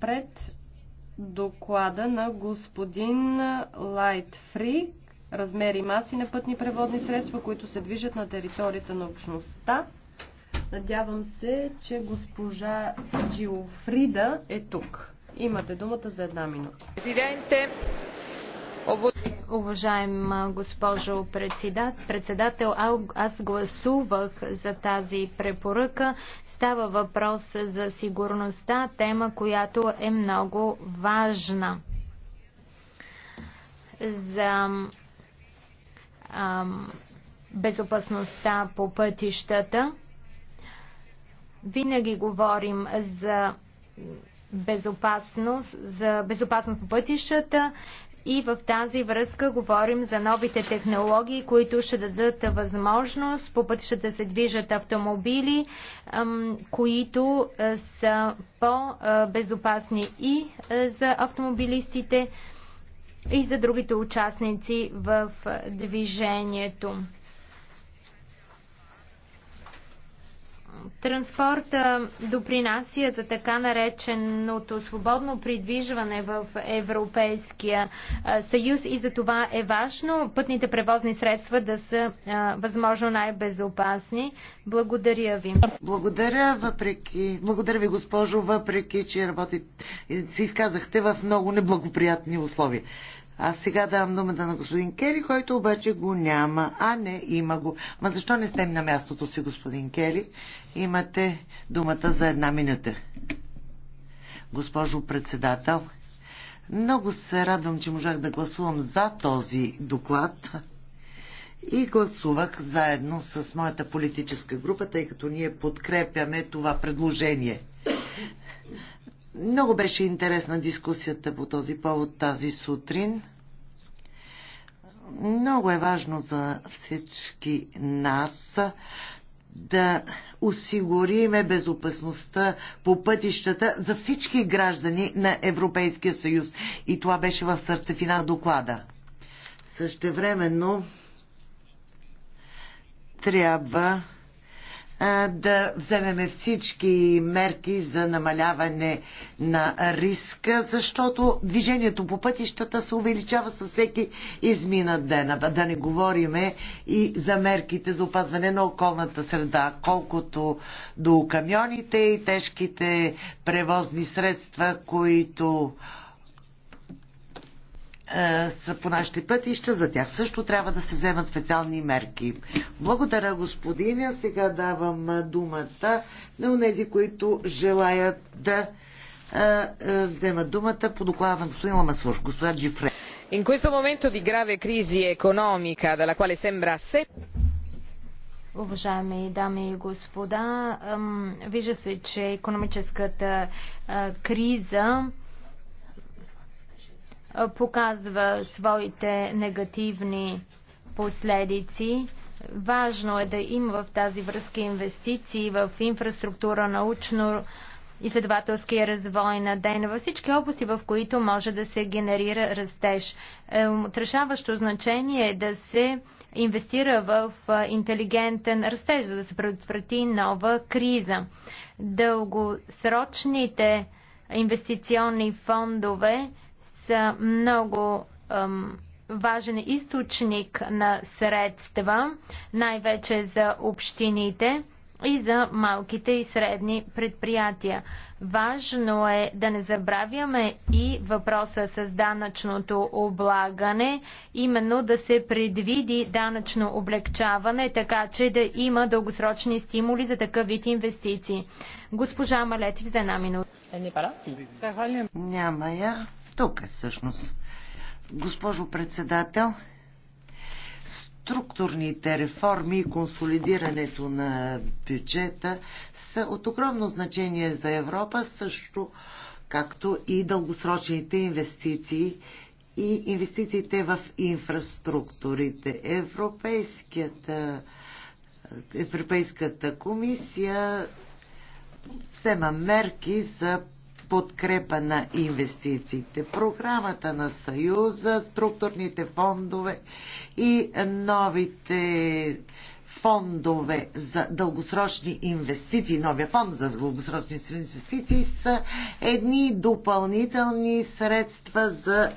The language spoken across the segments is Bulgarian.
пред доклада на господин Лайт Фри размери маси на пътни преводни средства, които се движат на територията на общността. Надявам се, че госпожа Джиофрида е тук. Имате думата за една минута. Уважаема госпожо председател, аз гласувах за тази препоръка. Става въпрос за сигурността, тема, която е много важна за ам, безопасността по пътищата. Винаги говорим за безопасност, за безопасност по пътищата и в тази връзка говорим за новите технологии, които ще дадат възможност по пътищата да се движат автомобили, които са по-безопасни и за автомобилистите, и за другите участници в движението. Транспорта допринася за така нареченото свободно придвижване в Европейския съюз и за това е важно пътните превозни средства да са а, възможно най-безопасни. Благодаря ви. Благодаря, въпреки, благодаря ви, госпожо, въпреки, че работите, се изказахте в много неблагоприятни условия. А сега давам думата на господин Кели, който обаче го няма. А, не, има го. Ма защо не сте на мястото си, господин Кели? Имате думата за една минута. Госпожо председател, много се радвам, че можах да гласувам за този доклад и гласувах заедно с моята политическа група, тъй като ние подкрепяме това предложение. Много беше интересна дискусията по този повод тази сутрин. Много е важно за всички нас да осигуриме безопасността по пътищата за всички граждани на Европейския съюз. И това беше в сърцефина доклада. Същевременно трябва да вземеме всички мерки за намаляване на риска, защото движението по пътищата се увеличава със всеки изминат ден. Да не говориме и за мерките за опазване на околната среда, колкото до камионите и тежките превозни средства, които е, са по нашите пътища, за тях също трябва да се вземат специални мерки. Благодаря, господиня. Сега давам думата на тези, които желаят да а, а, вземат думата по доклада на господин Ламасур, господа Джифре. In questo momento di grave crisi economica, dalla quale sembra se... Уважаеми дами и господа, вижда се, че економическата криза показва своите негативни последици. Важно е да има в тази връзка инвестиции в инфраструктура, научно изследователски развой на ден, във всички области, в които може да се генерира растеж. Е, отрешаващо значение е да се инвестира в интелигентен растеж, за да се предотврати нова криза. Дългосрочните инвестиционни фондове са много ам, важен източник на средства, най-вече за общините и за малките и средни предприятия. Важно е да не забравяме и въпроса с данъчното облагане, именно да се предвиди данъчно облегчаване, така че да има дългосрочни стимули за такъв вид инвестиции. Госпожа Малетич за една минута. Е, Няма я. Тук е всъщност. Госпожо председател, структурните реформи и консолидирането на бюджета са от огромно значение за Европа, също както и дългосрочните инвестиции и инвестициите в инфраструктурите. Европейската, Европейската комисия взема мерки за подкрепа на инвестициите. Програмата на Съюза, структурните фондове и новите фондове за дългосрочни инвестиции, новия фонд за дългосрочни инвестиции са едни допълнителни средства за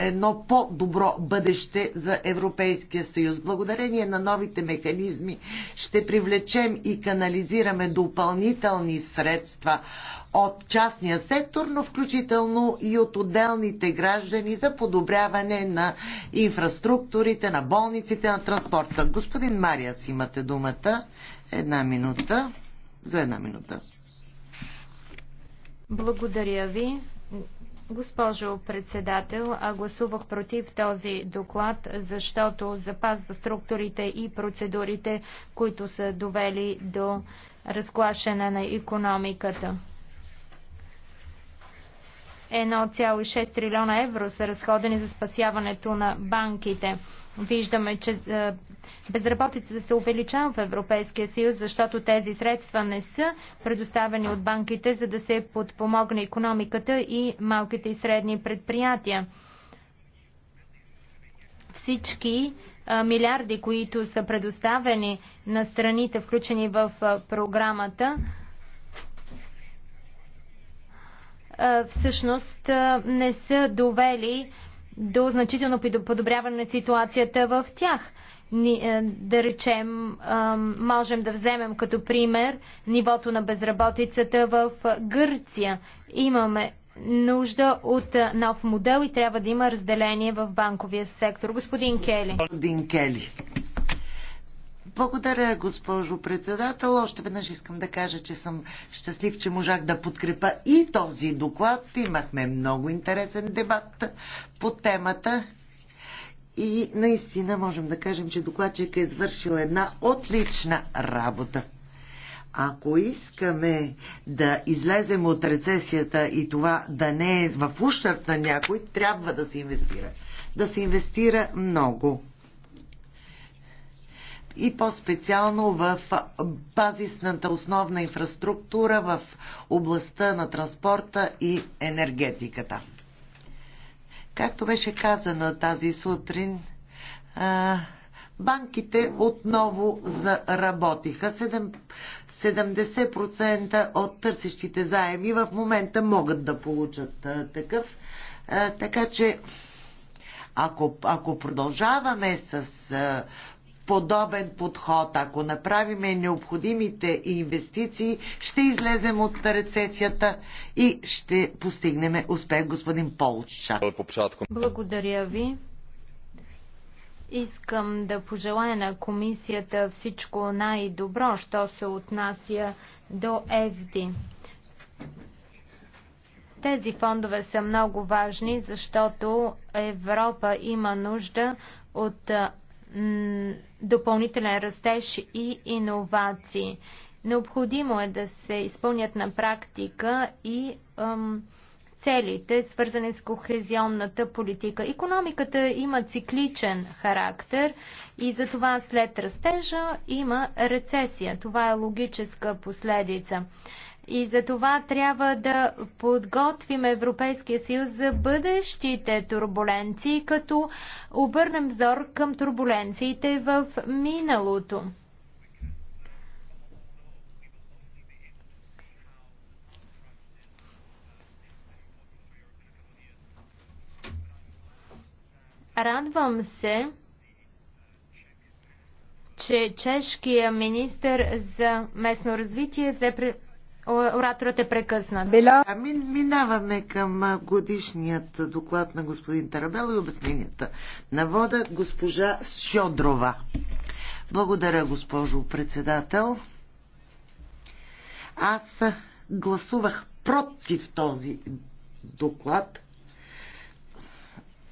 едно по-добро бъдеще за Европейския съюз. Благодарение на новите механизми ще привлечем и канализираме допълнителни средства от частния сектор, но включително и от отделните граждани за подобряване на инфраструктурите, на болниците, на транспорта. Господин Мариас, имате думата. Една минута. За една минута. Благодаря ви. Госпожо председател, а гласувах против този доклад, защото запазва структурите и процедурите, които са довели до разклашена на економиката. 1,6 трилиона евро са разходени за спасяването на банките. Виждаме, че е, безработицата се увеличава в Европейския съюз, защото тези средства не са предоставени от банките, за да се подпомогне економиката и малките и средни предприятия. Всички е, милиарди, които са предоставени на страните, включени в е, програмата, всъщност не са довели до значително подобряване на ситуацията в тях. Ни, е, да речем, можем да вземем като пример нивото на безработицата в е, Гърция. Имаме нужда от е, нов модел и трябва да има разделение в банковия сектор. Господин Кели. Господин Кели. Благодаря, госпожо председател. Още веднъж искам да кажа, че съм щастлив, че можах да подкрепа и този доклад. Имахме много интересен дебат по темата. И наистина можем да кажем, че докладчик е извършил една отлична работа. Ако искаме да излезем от рецесията и това да не е в ущърп на някой, трябва да се инвестира. Да се инвестира много и по-специално в базисната основна инфраструктура в областта на транспорта и енергетиката. Както беше казано тази сутрин, банките отново заработиха. 70% от търсещите заеми в момента могат да получат такъв. Така че, ако, ако продължаваме с подобен подход. Ако направиме необходимите инвестиции, ще излезем от рецесията и ще постигнем успех, господин Полча. Благодаря ви. Искам да пожелая на комисията всичко най-добро, що се отнася до ЕВДИ. Тези фондове са много важни, защото Европа има нужда от допълнителен растеж и иновации. Необходимо е да се изпълнят на практика и ам, целите, свързани с кохезионната политика. Економиката има цикличен характер и затова след растежа има рецесия. Това е логическа последица. И за това трябва да подготвим Европейския съюз за бъдещите турбуленции, като обърнем взор към турбуленциите в миналото. Радвам се, че чешкия министр за местно развитие взе Ораторът е прекъснат. Бела... А ми, минаваме към годишният доклад на господин Тарабел и обясненията на вода госпожа Шодрова. Благодаря, госпожо председател. Аз гласувах против този доклад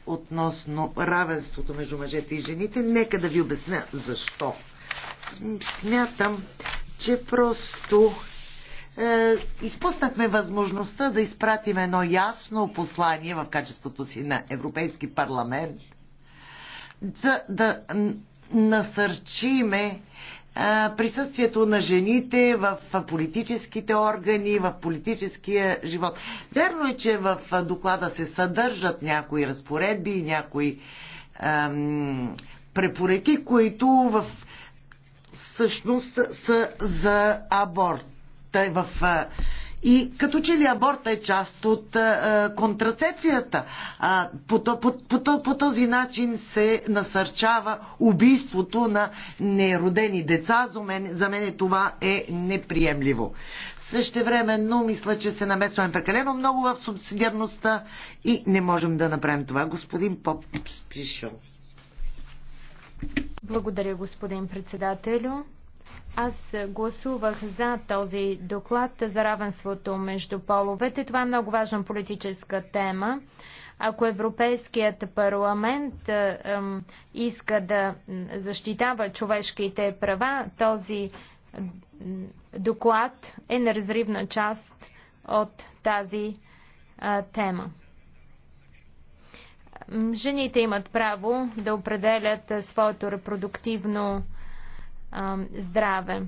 относно равенството между мъжете и жените. Нека да ви обясня защо. Смятам, че просто е, изпуснахме възможността да изпратим едно ясно послание в качеството си на Европейски парламент, за да насърчиме е, присъствието на жените в политическите органи, в политическия живот. Верно е, че в доклада се съдържат някои разпоредби някои ам, препоръки, които в всъщност са за аборт в и като че ли аборта е част от а, контрацепцията. А, по, по, по, по, по този начин се насърчава убийството на неродени деца. За мен, за мен това е неприемливо. но мисля, че се намесваме прекалено много в субсидиарността и не можем да направим това. Господин Поп Спишъл. Благодаря, господин председателю. Аз гласувах за този доклад за равенството между половете. Това е много важна политическа тема. Ако Европейският парламент е, е, иска да защитава човешките права, този доклад е неразривна част от тази е, тема. Жените имат право да определят своето репродуктивно здраве.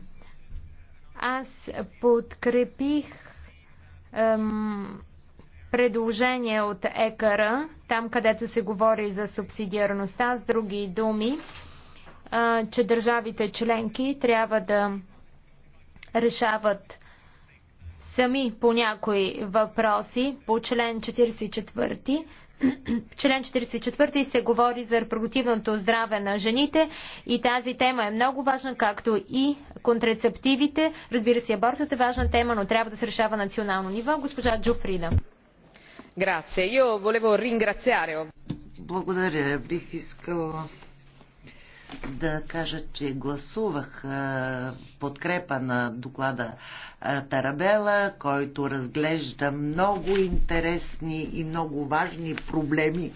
Аз подкрепих предложение от ЕКАРА, там където се говори за субсидиарността, с други думи, че държавите членки трябва да решават сами по някои въпроси по член 44 член 44 се говори за репродуктивното здраве на жените и тази тема е много важна, както и контрацептивите. Разбира се, абортът е важна тема, но трябва да се решава национално ниво. Госпожа Джуфрида. Благодаря. Бих искала да кажа, че гласувах подкрепа на доклада Тарабела, който разглежда много интересни и много важни проблеми,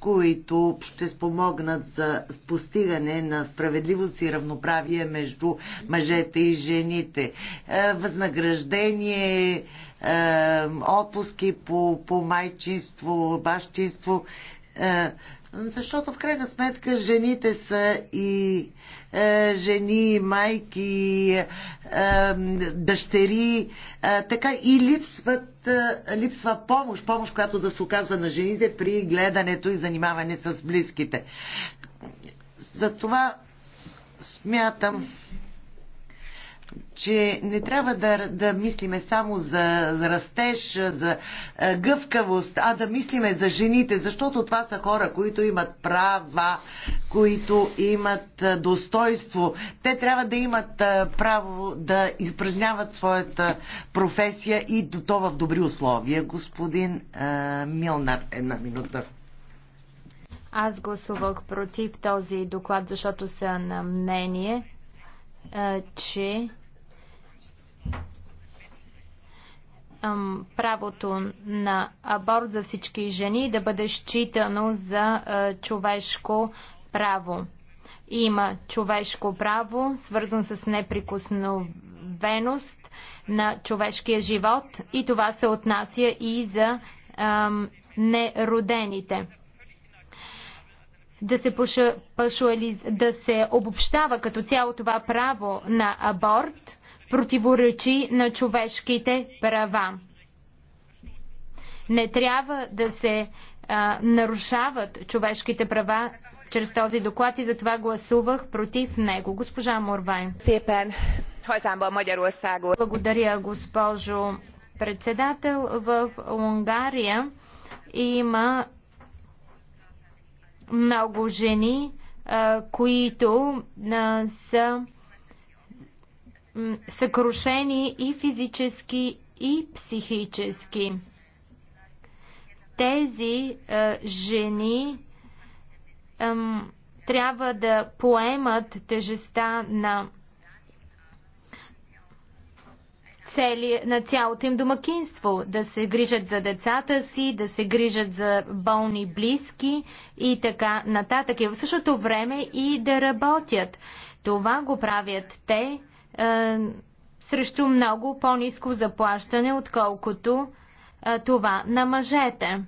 които ще спомогнат за постигане на справедливост и равноправие между мъжете и жените. Възнаграждение, отпуски по, по майчинство, бащинство защото в крайна сметка жените са и е, жени, майки, е, дъщери, е, така и липсват, е, липсва помощ, помощ, която да се оказва на жените при гледането и занимаване с близките. Затова смятам, че не трябва да, да мислиме само за, за растеж, за а, е, гъвкавост, а да мислиме за жените, защото това са хора, които имат права, които имат а, е, достойство. Те трябва да имат а, е, право да изпражняват своята професия и до то в добри условия. Господин а, Милнар, една минута. Аз гласувах против този доклад, защото са на мнение, че правото на аборт за всички жени да бъде считано за човешко право. Има човешко право, свързано с неприкосновеност на човешкия живот и това се отнася и за неродените да се, да се обобщава като цяло това право на аборт противоречи на човешките права. Не трябва да се а, нарушават човешките права чрез този доклад и затова гласувах против него. Госпожа Морвай. Благодаря, госпожо председател. В Унгария има много жени, които са съкрушени и физически, и психически. Тези жени трябва да поемат тежеста на цели, на цялото им домакинство, да се грижат за децата си, да се грижат за болни близки и така нататък. И в същото време и да работят. Това го правят те е, срещу много по-низко заплащане, отколкото е, това на мъжете.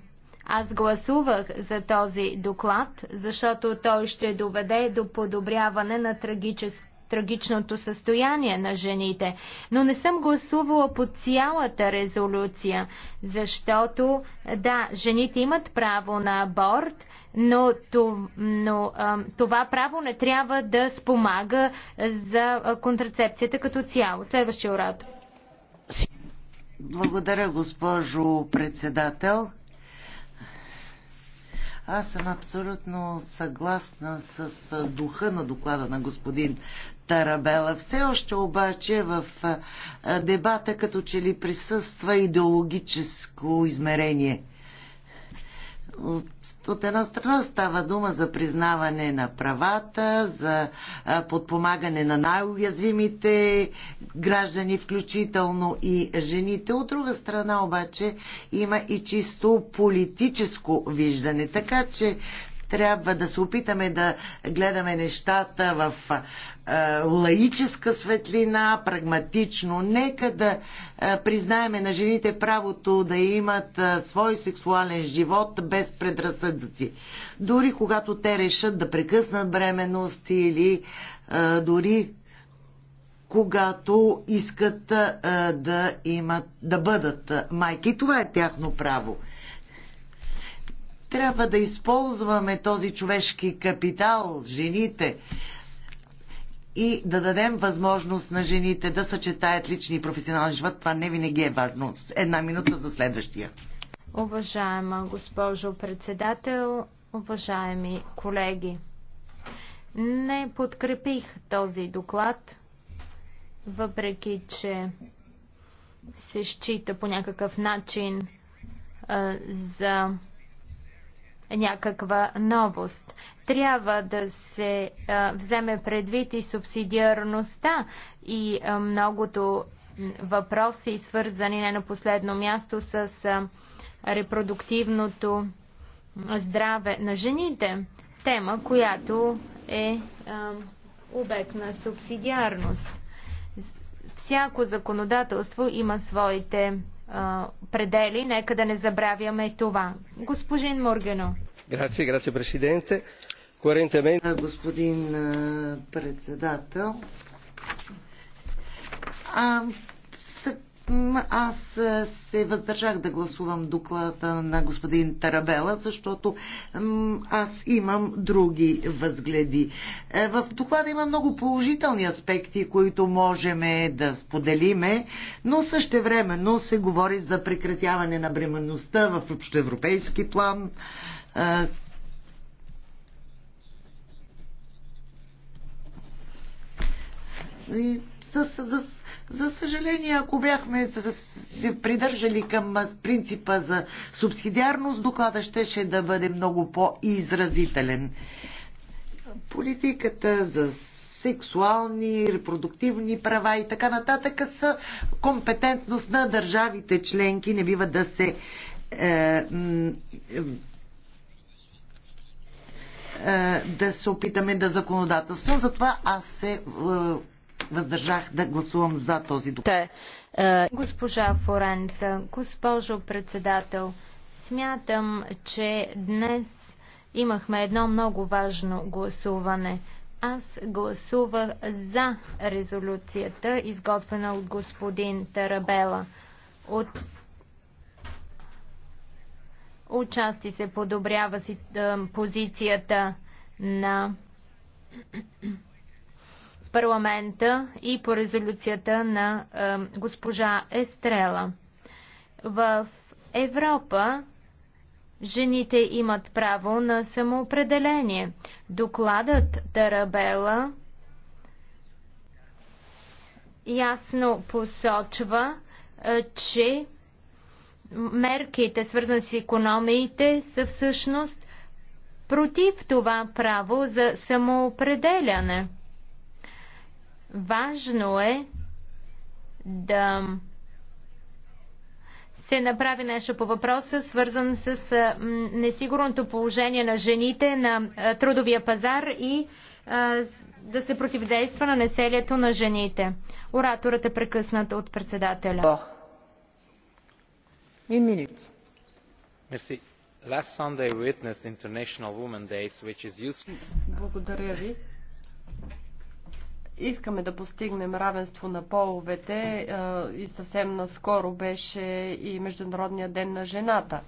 Аз гласувах за този доклад, защото той ще доведе до подобряване на трагическо трагичното състояние на жените. Но не съм гласувала по цялата резолюция, защото да, жените имат право на аборт, но, но това право не трябва да спомага за контрацепцията като цяло. Следващия урод. Благодаря, госпожо председател. Аз съм абсолютно съгласна с духа на доклада на господин Тарабела. Все още обаче в дебата като че ли присъства идеологическо измерение – от една страна става дума за признаване на правата, за подпомагане на най-уязвимите граждани, включително и жените. От друга страна обаче има и чисто политическо виждане. Така че трябва да се опитаме да гледаме нещата в е, лаическа светлина, прагматично. Нека да е, признаеме на жените правото да имат е, свой сексуален живот без предразсъдъци. Дори когато те решат да прекъснат бременност или дори когато искат да, имат, да бъдат майки. Това е тяхно право трябва да използваме този човешки капитал, жените, и да дадем възможност на жените да съчетаят лични и професионални живот. Това не винаги е важно. Една минута за следващия. Уважаема госпожо председател, уважаеми колеги, не подкрепих този доклад, въпреки че се счита по някакъв начин а, за някаква новост. Трябва да се а, вземе предвид и субсидиарността и а, многото въпроси, свързани не на последно място с а, репродуктивното здраве на жените. Тема, която е а, обект на субсидиарност. Всяко законодателство има своите а, предели. Нека да не забравяме това. Господин Моргено. Грация, грация, президенте. Коринтемен. Господин председател. А, аз се въздържах да гласувам доклада на господин Тарабела, защото аз имам други възгледи. Е, в доклада има много положителни аспекти, които можем да споделиме, но също времено се говори за прекратяване на бременността в общоевропейски план, е, и с, с, за съжаление, ако бяхме се придържали към принципа за субсидиарност, доклада ще, ще да бъде много по-изразителен. Политиката за сексуални, репродуктивни права и така нататък са компетентност на държавите членки. Не бива да се е, е да се опитаме да законодателство. Затова аз се е, въздържах да гласувам за този доклад. Е, госпожа Форенца, госпожо председател, смятам, че днес имахме едно много важно гласуване. Аз гласувах за резолюцията, изготвена от господин Тарабела. От Отчасти се подобрява си, е, позицията на парламента и по резолюцията на е, госпожа Естрела. В Европа жените имат право на самоопределение. Докладът Тарабела ясно посочва, е, че мерките, свързани с економиите, са всъщност против това право за самоопределяне. Важно е да се направи нещо по въпроса, свързан с несигурното положение на жените на трудовия пазар и да се противодейства на населието на жените. Ораторът е прекъсната от председателя. Благодаря ви искаме да постигнем равенство на половете и съвсем наскоро беше и Международния ден на жената.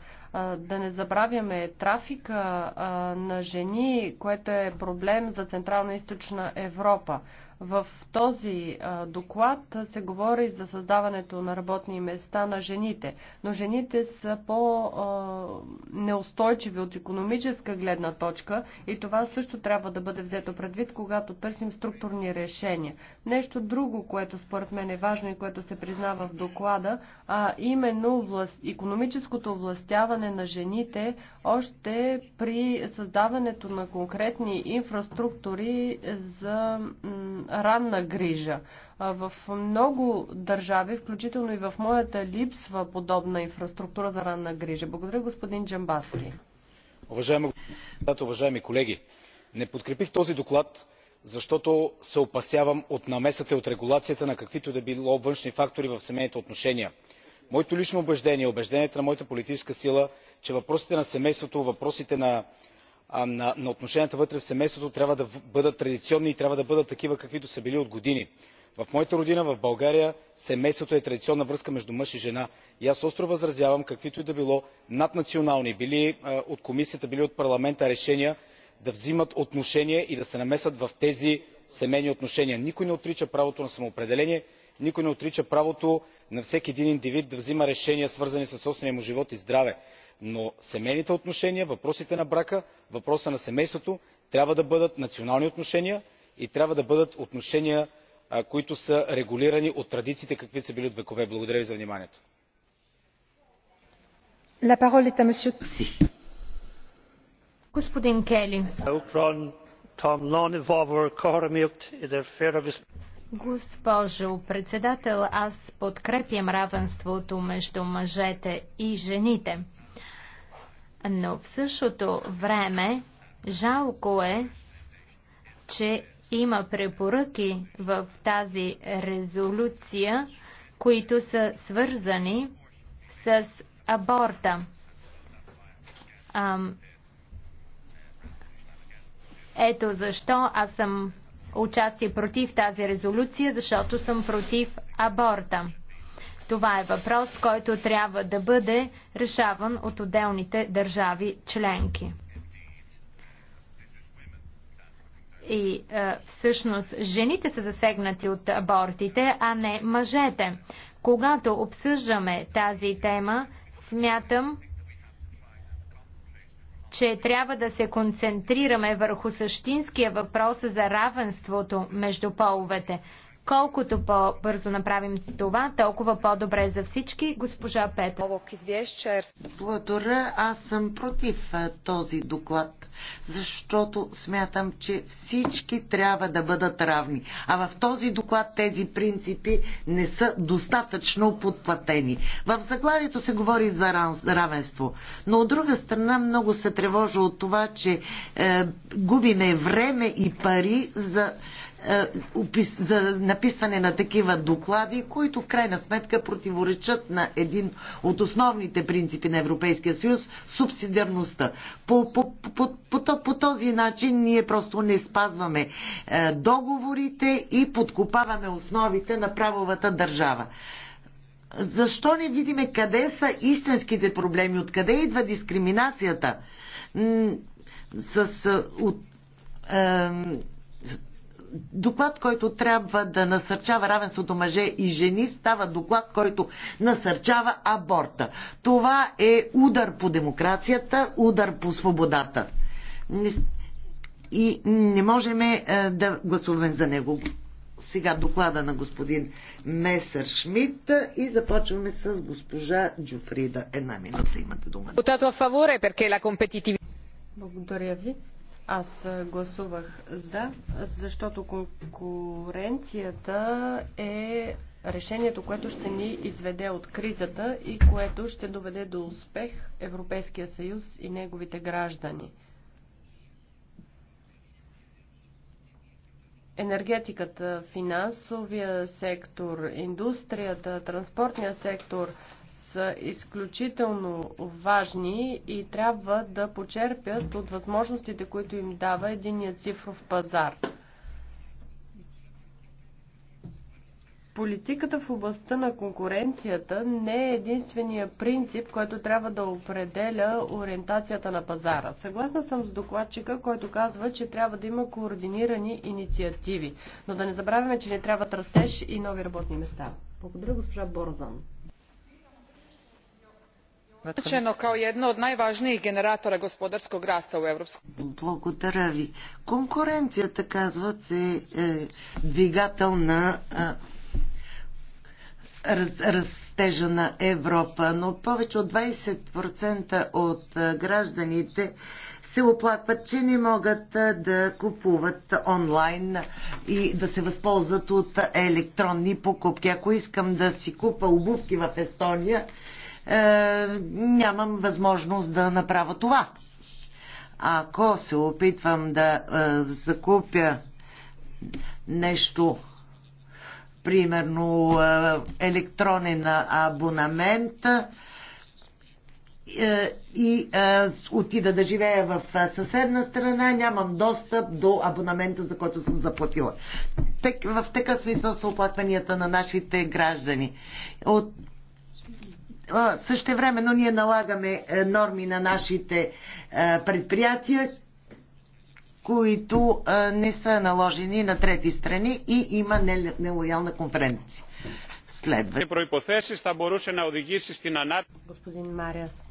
Да не забравяме трафика на жени, което е проблем за Централна и Източна Европа. В този доклад се говори за създаването на работни места на жените, но жените са по-неустойчиви от економическа гледна точка и това също трябва да бъде взето предвид, когато търсим структурни решения. Нещо друго, което според мен е важно и което се признава в доклада, а именно власт, економическото властяване включване на жените още при създаването на конкретни инфраструктури за ранна грижа. В много държави, включително и в моята, липсва подобна инфраструктура за ранна грижа. Благодаря, господин Джамбаски. Уважаеми господин уважаеми колеги, не подкрепих този доклад, защото се опасявам от намесата и от регулацията на каквито да било външни фактори в семейните отношения моето лично убеждение и убеждението на моята политическа сила е че въпросите на семейството въпросите на отношенията вътре в семейството трябва да бъдат традиционни и трябва да бъдат такива каквито са били от години. в моята родина в българя семейството е традиционна връзка между мъж и жена и аз остро възразявам каквито и да било наднационални били от комисията били от парламента решения да взимат отношение и да се намесват в тези семейни отношения. никой не отрича правото на самоопределение никой не отрича правото на всеки един индивид да взима решения свързани със собствения му живот и здраве но семейните отношения въпросите на брака въпросът на семейството трябва да бъдат национални отношения и трябва да бъдат отношения които са регулирани от традициите каквито са били от векове. благодаря ви за вниманието. Госпожо председател, аз подкрепям равенството между мъжете и жените. Но в същото време жалко е, че има препоръки в тази резолюция, които са свързани с аборта. Ам... Ето защо аз съм участие против тази резолюция, защото съм против аборта. Това е въпрос, който трябва да бъде решаван от отделните държави членки. И е, всъщност жените са засегнати от абортите, а не мъжете. Когато обсъждаме тази тема, смятам, че трябва да се концентрираме върху същинския въпрос за равенството между половете. Колкото по-бързо направим това, толкова по-добре за всички, госпожа Петър. Благодаря, аз съм против този доклад, защото смятам, че всички трябва да бъдат равни. А в този доклад тези принципи не са достатъчно подплатени. В заглавието се говори за равенство, но от друга страна много се тревожа от това, че е, губиме време и пари за е, за написване на такива доклади, които в крайна сметка противоречат на един от основните принципи на Европейския съюз субсидиарността. По, по, по, по, по този начин ние просто не спазваме е, договорите и подкопаваме основите на правовата държава. Защо не видиме къде са истинските проблеми, откъде идва дискриминацията? М- с, от, е, доклад, който трябва да насърчава равенството мъже и жени, става доклад, който насърчава аборта. Това е удар по демокрацията, удар по свободата. И не можем е, да гласуваме за него. Сега доклада на господин Месър Шмидт и започваме с госпожа Джуфрида. Една минута имате дума. Благодаря ви. Аз гласувах за, защото конкуренцията е решението, което ще ни изведе от кризата и което ще доведе до успех Европейския съюз и неговите граждани. енергетиката, финансовия сектор, индустрията, транспортния сектор са изключително важни и трябва да почерпят от възможностите, които им дава единият цифров пазар. Политиката в областта на конкуренцията не е единствения принцип, който трябва да определя ориентацията на пазара. Съгласна съм с докладчика, който казва, че трябва да има координирани инициативи. Но да не забравяме, че не трябват растеж и нови работни места. Благодаря, госпожа Борзан uključeno kao jedno od najvažnijih generatora gospodarskog rasta u Европейския Благодаря ви. Конкуренцията, казват, е, е двигател на раз, растежа на Европа, но повече от 20% от гражданите се оплакват, че не могат да купуват онлайн и да се възползват от електронни покупки. Ако искам да си купа обувки в Естония, е, нямам възможност да направя това. Ако се опитвам да е, закупя нещо примерно е, електронен абонамент и отида да живея в съседна страна, нямам достъп до абонамента, за който съм заплатила. В такъв смисъл са оплакванията на нашите граждани. От Същевременно ние налагаме е, норми на нашите е, предприятия, които е, не са наложени на трети страни и има нелоялна конференция. Следва. Господин Мариас,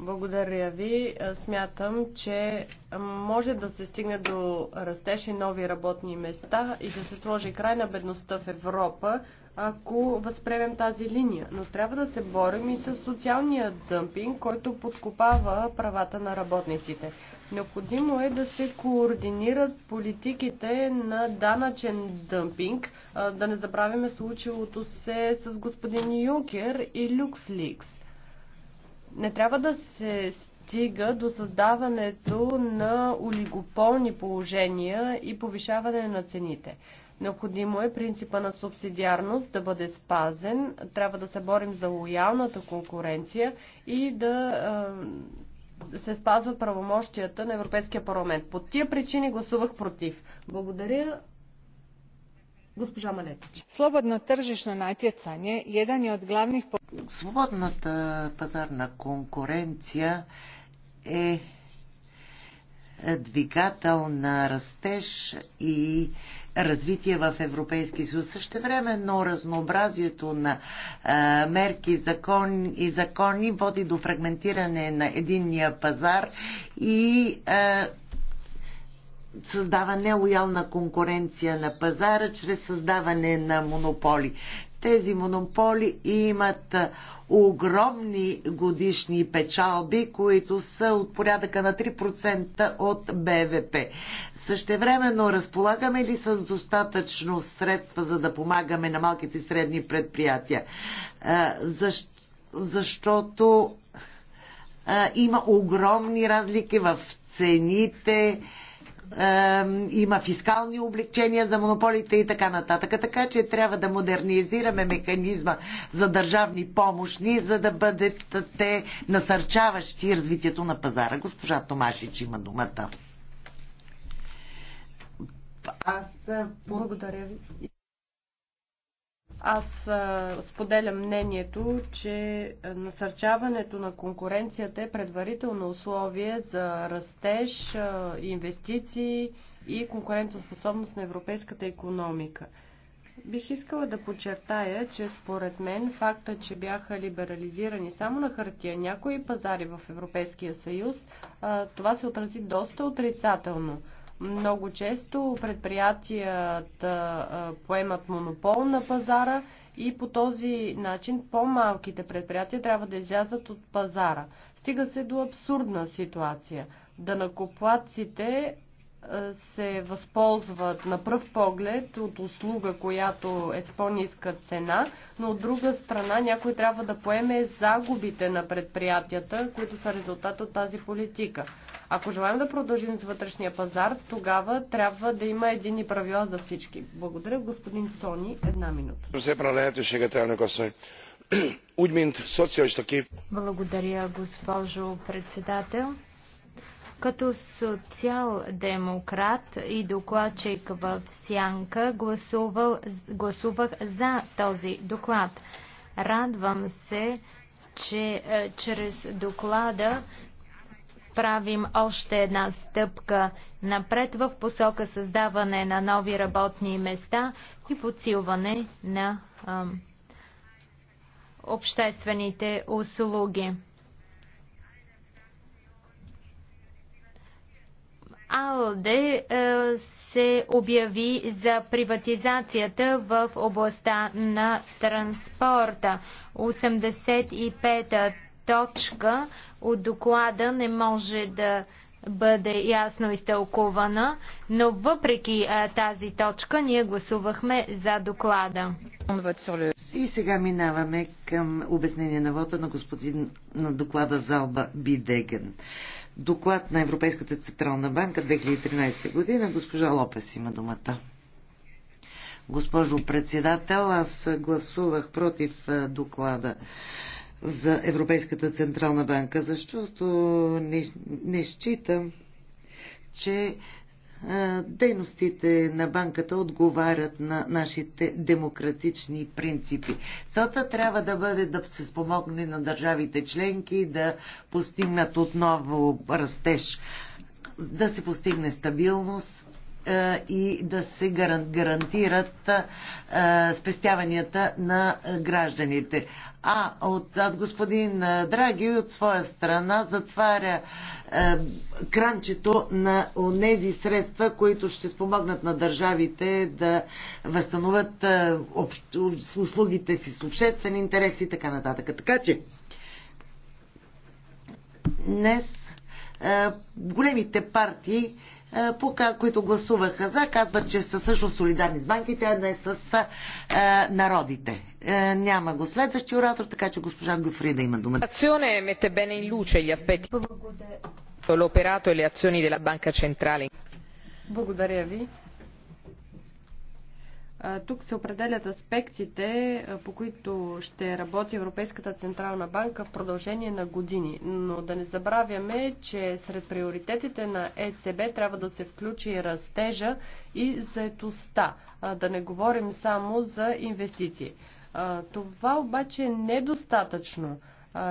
благодаря ви. Смятам, че може да се стигне до растеж и нови работни места и да се сложи край на бедността в Европа, ако възпремем тази линия. Но трябва да се борим и с социалния дъмпинг, който подкопава правата на работниците. Необходимо е да се координират политиките на данъчен дъмпинг. Да не забравяме случилото се с господин Юнкер и Люкс Ликс не трябва да се стига до създаването на олигополни положения и повишаване на цените. Необходимо е принципа на субсидиарност да бъде спазен, трябва да се борим за лоялната конкуренция и да е, се спазва правомощията на Европейския парламент. По тия причини гласувах против. Благодаря. Госпожа Малетич. Слободно трžišно natjecanje jedan je od glavnih... Свободната пазарна конкуренция е двигател на растеж и развитие в Европейски съюз. Същевременно разнообразието на а, мерки закон и закони води до фрагментиране на единния пазар и а, създава нелоялна конкуренция на пазара чрез създаване на монополи. Тези монополи имат огромни годишни печалби, които са от порядъка на 3% от БВП. Същевременно разполагаме ли с достатъчно средства, за да помагаме на малките и средни предприятия? Защо, защото има огромни разлики в цените, има фискални облегчения за монополите и така нататък. Така че трябва да модернизираме механизма за държавни помощни, за да бъдат те насърчаващи развитието на пазара. Госпожа Томашич има думата. Аз е, благодаря ви. Аз споделям мнението, че насърчаването на конкуренцията е предварително условие за растеж, инвестиции и конкурентоспособност на европейската економика. Бих искала да подчертая, че според мен факта, че бяха либерализирани само на хартия някои пазари в Европейския съюз, това се отрази доста отрицателно много често предприятията поемат монопол на пазара и по този начин по-малките предприятия трябва да излязат от пазара. Стига се до абсурдна ситуация. Данакоплаците се възползват на пръв поглед от услуга, която е с по-ниска цена, но от друга страна някой трябва да поеме загубите на предприятията, които са резултат от тази политика. Ако желаем да продължим с вътрешния пазар, тогава трябва да има едини правила за всички. Благодаря, господин Сони. Една минута. Благодаря, госпожо председател. Като социал-демократ и докладчик в Сянка гласувал, гласувах за този доклад. Радвам се, че е, чрез доклада правим още една стъпка напред в посока създаване на нови работни места и подсилване на а, обществените услуги. АЛДЕ е, се обяви за приватизацията в областта на транспорта. 85-та точка от доклада не може да бъде ясно изтълкувана, но въпреки а, е, тази точка ние гласувахме за доклада. И сега минаваме към обяснение на вода на господин на доклада Залба Бидеген доклад на Европейската Централна банка 2013 година. Госпожа Лопес има думата. Госпожо председател, аз гласувах против доклада за Европейската Централна банка, защото не, не считам, че дейностите на банката отговарят на нашите демократични принципи. Целта трябва да бъде да се спомогне на държавите членки да постигнат отново растеж, да се постигне стабилност, е, и да се гарантират е, спестяванията на гражданите. А от, от господин Драги от своя страна затваря е, кранчето на тези средства, които ще спомогнат на държавите да възстановят общ, услугите си с обществен интерес и така нататък. Така че днес големите партии е, които гласуваха за, казват, че са също солидарни с банките, а не с а, е, народите. Е, няма го следващи оратор, така че госпожа Гофрида има думата. Благодаря. E Благодаря ви. Тук се определят аспектите, по които ще работи Европейската Централна банка в продължение на години. Но да не забравяме, че сред приоритетите на ЕЦБ трябва да се включи растежа и заетостта. Да не говорим само за инвестиции. Това обаче е недостатъчно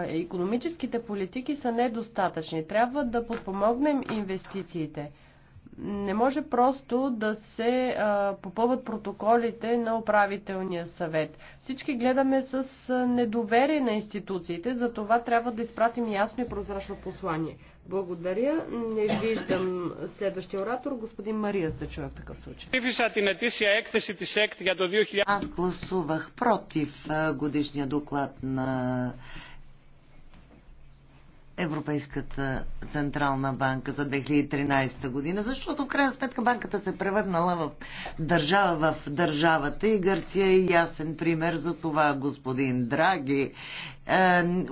економическите политики са недостатъчни. Трябва да подпомогнем инвестициите. Не може просто да се а, попълват протоколите на управителния съвет. Всички гледаме с недоверие на институциите, за това трябва да изпратим ясно и прозрачно послание. Благодаря. Не виждам следващия оратор. Господин Мария за чуе в такъв случай. Аз гласувах против годишния доклад на Европейската Централна банка за 2013 година, защото в крайна сметка банката се е превърнала в държава в държавата и Гърция е ясен пример за това. Господин Драги е,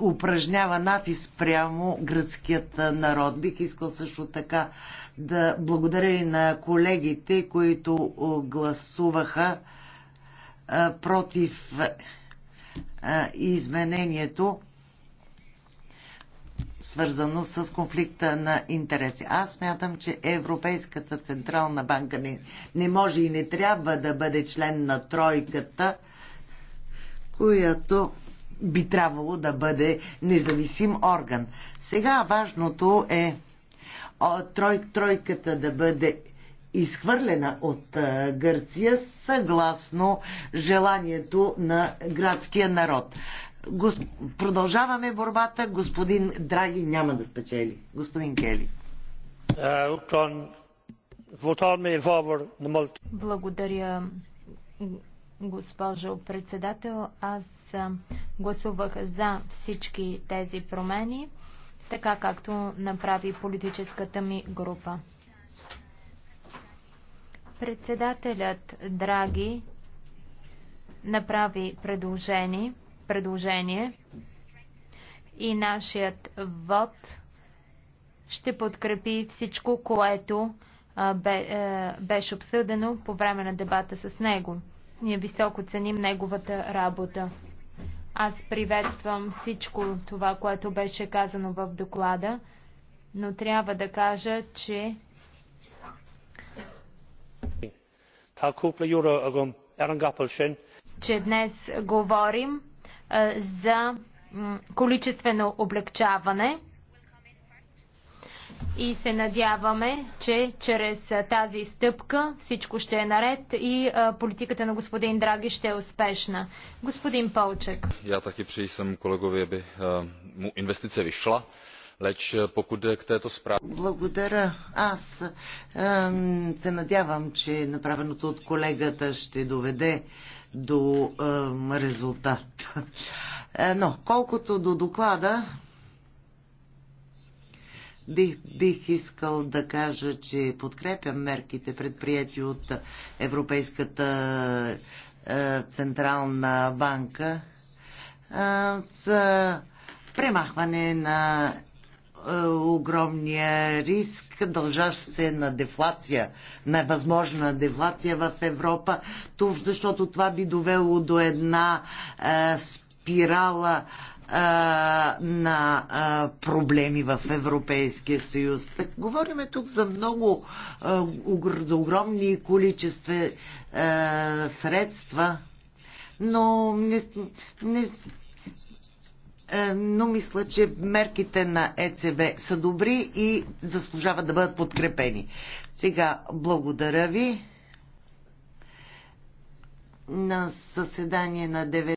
упражнява натиск прямо гръцкият народ. Бих искал също така да благодаря и на колегите, които гласуваха е, против е, изменението свързано с конфликта на интереси. Аз мятам, че Европейската Централна банка не, не може и не трябва да бъде член на тройката, която би трябвало да бъде независим орган. Сега важното е о, трой, тройката да бъде изхвърлена от а, Гърция съгласно желанието на градския народ. Гос... Продължаваме борбата. Господин Драги няма да спечели. Господин Кели. Е, Благодаря, госпожо председател. Аз гласувах за всички тези промени, така както направи политическата ми група. Председателят Драги направи предложение предложение и нашият вод ще подкрепи всичко, което беше обсъдено по време на дебата с него. Ние високо ценим неговата работа. Аз приветствам всичко това, което беше казано в доклада, но трябва да кажа, че че днес говорим за количествено облегчаване и се надяваме, че чрез тази стъпка всичко ще е наред и политиката на господин Драги ще е успешна. Господин Полчек. Я таки přeji svému kolegovi, aby инвестиция investice vyšla. Leč pokud jde k této Благодаря. Аз се надявам, че направеното от колегата ще доведе до е, резултат. Но, колкото до доклада, бих, бих искал да кажа, че подкрепям мерките предприяти от Европейската е, Централна банка е, за премахване на е, огромния риск, дължащ се на дефлация, на възможна дефлация в Европа, защото това би довело до една е, спирала е, на проблеми в Европейския съюз. Так, говориме тук за много, за огромни количества средства, но не, не, е, но мисля, че мерките на ЕЦБ са добри и заслужават да бъдат подкрепени. Сега, благодаря ви. На съседание на 9